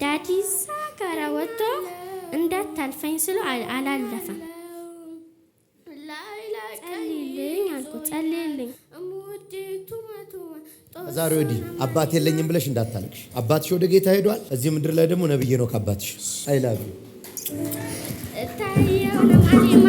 ዳዲ እዛ ጋራ ወጥቶ እንዳታልፈኝ ስሎ አላለፈም። ጸልይልኝ አልኩት፣ ጸልይልኝ ዛሬ ወዲህ አባት የለኝም ብለሽ እንዳታልቅሽ። አባትሽ ወደ ጌታ ሄዷል። እዚህ ምድር ላይ ደግሞ ነብዬ ነው ከአባትሽ አይላሉ እታየው ነማሊማ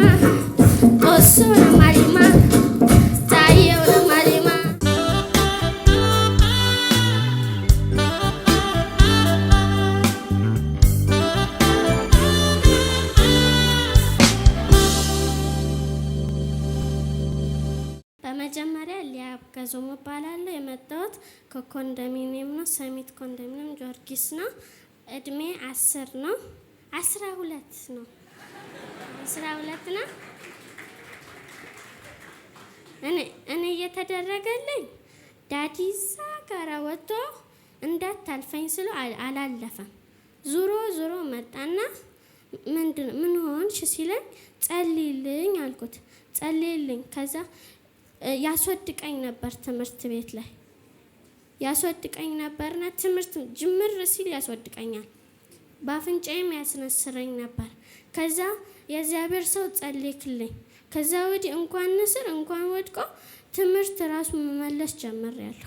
ከኮንዶሚኒየም ነው። ሰሚት ኮንዶሚኒየም ጊዮርጊስ ነው። እድሜ አስር ነው። አስራ ሁለት ነው። አስራ ሁለት ነው። እኔ እየተደረገልኝ ዳዲዛ ጋራ ወጥቶ እንዳታልፈኝ ስሎ አላለፈም። ዙሮ ዙሮ መጣና ምንድን ምን ሆንሽ ሲለኝ ጸልይልኝ አልኩት። ጸልይልኝ ከዛ ያስወድቀኝ ነበር ትምህርት ቤት ላይ ያስወድቀኝ ነበርና ትምህርት ጅምር ሲል ያስወድቀኛል። በአፍንጫዬም ያስነስረኝ ነበር። ከዛ የእግዚአብሔር ሰው ጸልክልኝ። ከዛ ወዲህ እንኳን ንስር እንኳን ወድቆ ትምህርት ራሱ መመለስ ያለሁ።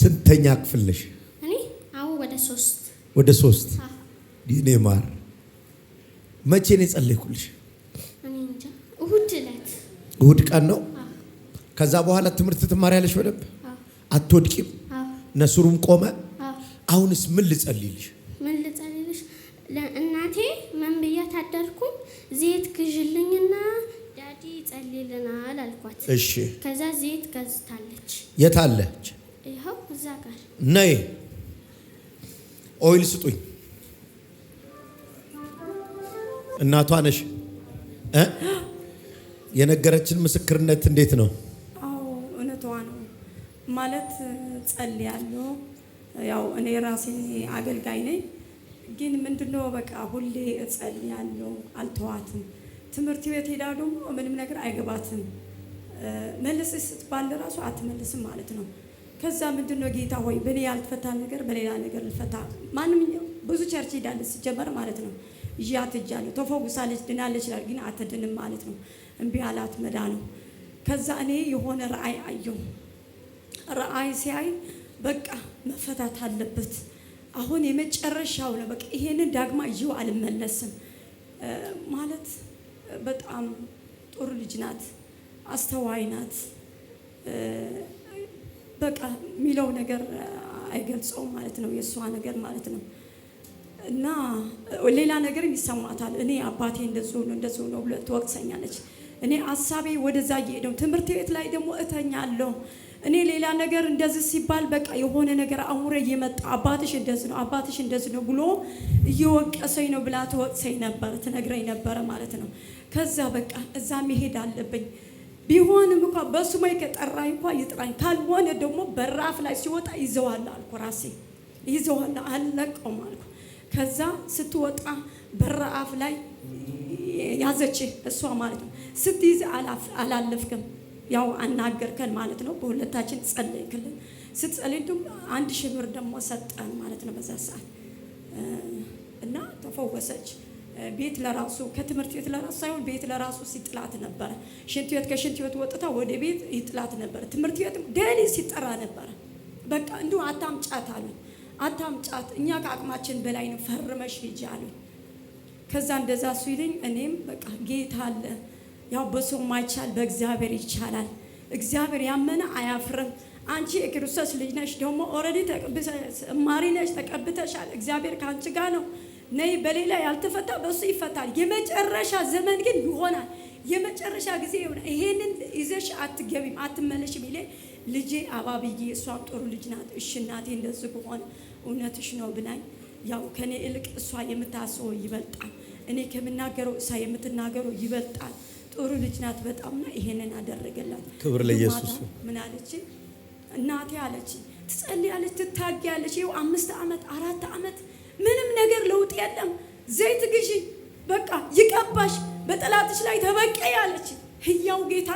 ስንተኛ ክፍልሽ? እኔ አሁን ወደ ሶስት ወደ ሶስት ይኔ ማር መቼ ነው የጸለይኩልሽ? እሁድ ቀን ነው። ከዛ በኋላ ትምህርት ትማሪያለሽ በደንብ አትወድቂም። ነስሩም ቆመ። አሁንስ ምን ልጸልይልሽ? ምን ልጸልይልሽ? እናቴ ምን ብያት አደርኩም? ዘይት ግዥልኝና ዳዲ ይጸልይልናል አልኳት። እሺ። ከዛ ዘይት ገዝታለች። የት አለች? ይኸው እዛ ጋር ነይ። ኦይል ስጡኝ። እናቷ ነሽ እ የነገረችን ምስክርነት እንዴት ነው? አዎ እውነቷ ነው ማለት ጸልያለሁ። ያው እኔ ራሴ አገልጋይ ነኝ፣ ግን ምንድነው በቃ ሁሌ እጸልያለሁ፣ አልተዋትም። ትምህርት ቤት ሄዳ ደግሞ ምንም ነገር አይገባትም። መልስ ስትባል ራሱ አትመልስም ማለት ነው። ከዛ ምንድነው ጌታ ሆይ በእኔ ያልተፈታ ነገር በሌላ ነገር ልፈታ ማንም ብዙ ቸርች ሄዳለች ሲጀመር ማለት ነው እያት እጃለሁ ተፈውሳለች፣ ድናለች ይላል። ግን አትድንም ማለት ነው። እምቢ አላት መዳኑ። ከዛ እኔ የሆነ ራእይ አየሁ። ራእይ ሲያይ በቃ መፈታት አለበት አሁን የመጨረሻው ነው። በቃ ይሄንን ዳግማ ይዤው አልመለስም ማለት በጣም ጥሩ ልጅ ናት፣ አስተዋይ ናት። በቃ የሚለው ነገር አይገልጸውም ማለት ነው፣ የእሷ ነገር ማለት ነው። እና ሌላ ነገር ይሰማታል። እኔ አባቴ እንደዚሁ ነው እንደዚሁ ነው ብለ ትወቅሰኛለች። እኔ አሳቤ ወደዛ እየሄደ ትምህርት ቤት ላይ ደግሞ እተኛለሁ። እኔ ሌላ ነገር እንደዚህ ሲባል በቃ የሆነ ነገር አውሬ እየመጣ አባትሽ እንደዚህ ነው አባትሽ እንደዚህ ነው ብሎ እየወቀሰኝ ነው ብላ ትወቅሰኝ ነበር፣ ትነግረኝ ነበረ ማለት ነው። ከዛ በቃ እዛ መሄድ አለብኝ ቢሆንም እንኳ በሱማይ ከጠራኝ እንኳ ይጥራኝ፣ ካልሆነ ደግሞ በራፍ ላይ ሲወጣ ይዘዋል አልኩ፣ ራሴ ይዘዋል አልለቀውም አልኩ። ከዛ ስትወጣ በረአፍ ላይ ያዘች እሷ ማለት ነው። ስትይዝ አላለፍክም፣ ያው አናገርከን ማለት ነው። በሁለታችን ጸለይክልን። ስትጸልይ አንድ ሺህ ብር ደግሞ ሰጠን ማለት ነው በዛ ሰዓት እና ተፈወሰች። ቤት ለራሱ ከትምህርት ቤት ለራሱ ሳይሆን ቤት ለራሱ ሲጥላት ነበረ። ሽንት ቤት ከሽንት ቤት ወጥታ ወደ ቤት ይጥላት ነበረ። ትምህርት ቤት ደሊ ሲጠራ ነበረ። በቃ እንዲሁ አታምጫት አሉን። አታምጫት፣ እኛ ከአቅማችን በላይ ነው፣ ፈርመሽ ሂጂ አሉኝ። ከዛ እንደዛ ሲሉኝ እኔም በቃ ጌታ አለ፣ ያው በሰው ማይቻል በእግዚአብሔር ይቻላል። እግዚአብሔር ያመነ አያፍርም። አንቺ የክርስቶስ ልጅ ነሽ፣ ደግሞ ኦልሬዲ ማሪ ነሽ፣ ተቀብተሻል። እግዚአብሔር ከአንቺ ጋር ነው። ነይ በሌላ ያልተፈታ በእሱ ይፈታል። የመጨረሻ ዘመን ግን ይሆናል፣ የመጨረሻ ጊዜ ይሆናል። ይሄንን ይዘሽ አትገቢም፣ አትመለሽም ይሌ ልጄ አባብዬ እሷም ጥሩ ልጅ ናት፣ እሺ እናቴ እንደዚህ ከሆነ እውነትሽ ነው ብላኝ፣ ያው ከኔ ይልቅ እሷ የምታስበው ይበልጣል፣ እኔ ከምናገረው እሷ የምትናገረው ይበልጣል። ጥሩ ልጅ ናት በጣምና ይሄንን አደረገላት። ክብር ለኢየሱስ። ምን አለች እናቴ አለች፣ ትጸልያለች፣ ትታጊያለች። ይኸው አምስት ዓመት አራት ዓመት ምንም ነገር ለውጥ የለም። ዘይት ግዢ በቃ ይቀባሽ፣ በጠላትሽ ላይ ተበቀ ያለች ህያው ጌታ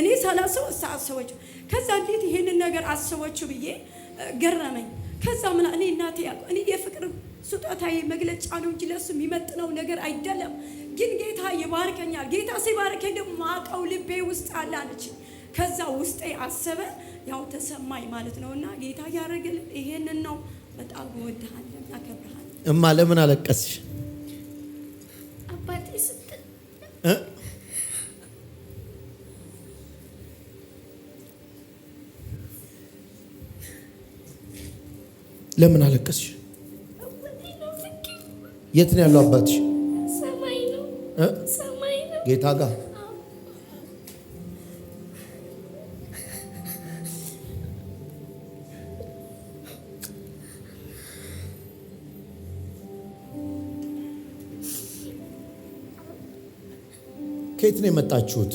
እኔ ሰላሰው እሳ ሰዎች ከዛ እንዴት ይሄንን ነገር አስቦችው ብዬ ገረመኝ። ከዛ ምና እኔ እናቴ ያቆ እኔ የፍቅር ስጦታዬ መግለጫ ነው እንጂ ለሱ የሚመጥነው ነገር አይደለም። ግን ጌታ ይባርከኛል። ጌታ ሲባርከኝ ደግሞ ማቀው ልቤ ውስጥ አለ አለች። ከዛ ውስጤ አሰበ ያው ተሰማኝ ማለት ነው። እና ጌታ ያደረግልን ይሄንን ነው። በጣም እወድሃለሁ፣ አከብርሃለሁ። እማ ለምን አለቀስሽ? አባቴ ስትል ለምን አለቀስሽ? የት ነው ያለው አባትሽ? ጌታ ጋር ከየት ነው የመጣችሁት?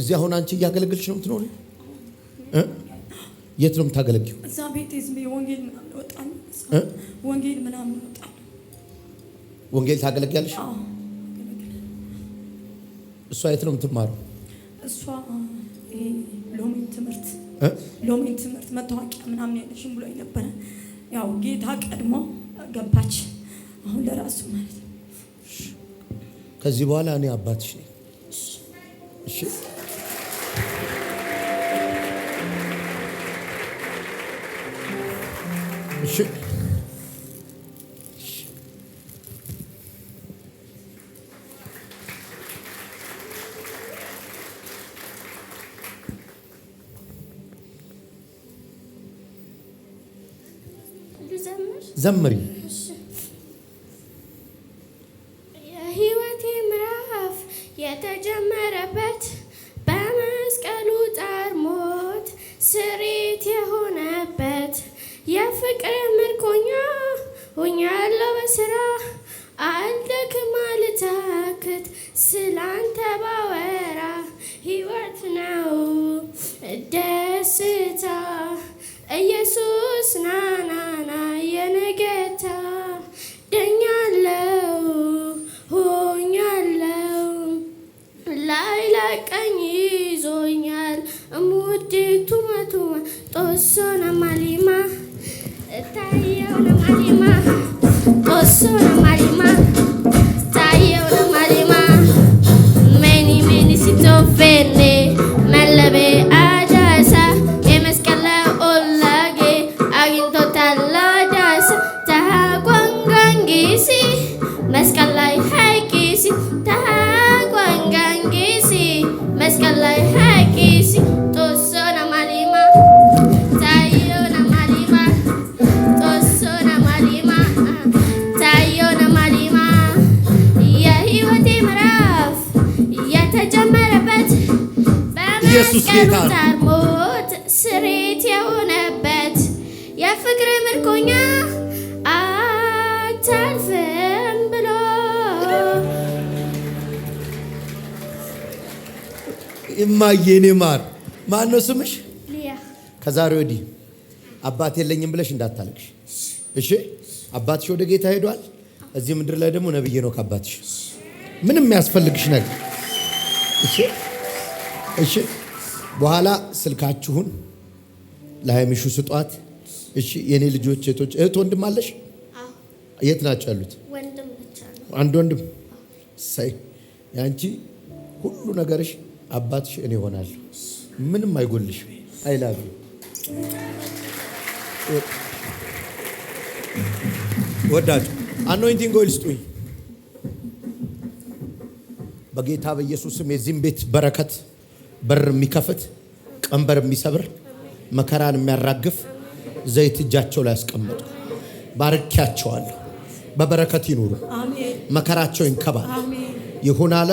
እዚህ አሁን አንቺ እያገለገልሽ ነው የምትኖሪ? የት ነው የምታገለግው? እዛ ቤት ወንጌል ምናምን ወንጌል ምናምን ወንጌል ታገለግያለሽ? እሷ የት ነው የምትማረው? እሷ ሎሜን ትምህርት ትምህርት መታወቂያ ምናምን ያለሽም ብሎ ነበረ። ያው ጌታ ቀድሞ ገባች። አሁን ለራሱ ማለት ነው። ከዚህ በኋላ እኔ አባትሽ ነኝ። شو زمري ደስታ ኢየሱስ ናናና የነገታ ደኛለው ሆኛለው ላይ ላቀኝ ይዞኛል እሙድቱ መቱማ ጦሶ ነማሊማ እታየው ነማሊማ ጦሶ ነማሊማ የተጀመረበት በመስቀሉ ታርሞት ስሬት የሆነበት የፍቅር ምርኮኛ አታልፍም ብሎ እማዬ ማር ማን ነው ስምሽ? ከዛሬ ወዲህ አባት የለኝም ብለሽ እንዳታልቅሽ እሺ? አባትሽ ወደ ጌታ ሄዷል። እዚህ ምድር ላይ ደግሞ ነብዬ ነው ከአባትሽ ምንም የሚያስፈልግሽ ነገር እሺ፣ በኋላ ስልካችሁን ለሀይሚሹ ስጧት። እሺ፣ የእኔ ልጆች እህቶች፣ እህት ወንድም አለሽ? የት ናቸው ያሉት? አንድ ወንድም ሳይ የአንቺ ሁሉ ነገርሽ አባትሽ እኔ እሆናለሁ። ምንም አይጎልሽ። አይላቪ ወዳጅ አኖይንቲንግ ኦይል ስጡኝ። በጌታ በኢየሱስ ስም የዚህም ቤት በረከት በር የሚከፍት ቀንበር የሚሰብር መከራን የሚያራግፍ ዘይት እጃቸው ላይ ያስቀመጡ ባርኪያቸዋለሁ። በበረከት ይኑሩ። መከራቸው ይንከባል ይሁን አለ።